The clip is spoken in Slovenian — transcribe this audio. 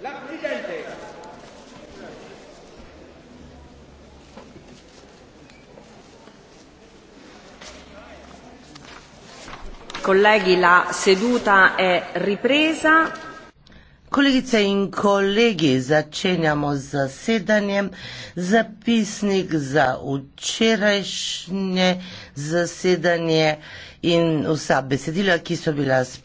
La Presidente! Colleghi, la seduta è ripresa. Kolegice in kolegi, začenjamo z zasedanjem. Zapisnik za včerajšnje zasedanje in vsa besedila, ki so bila spremljena.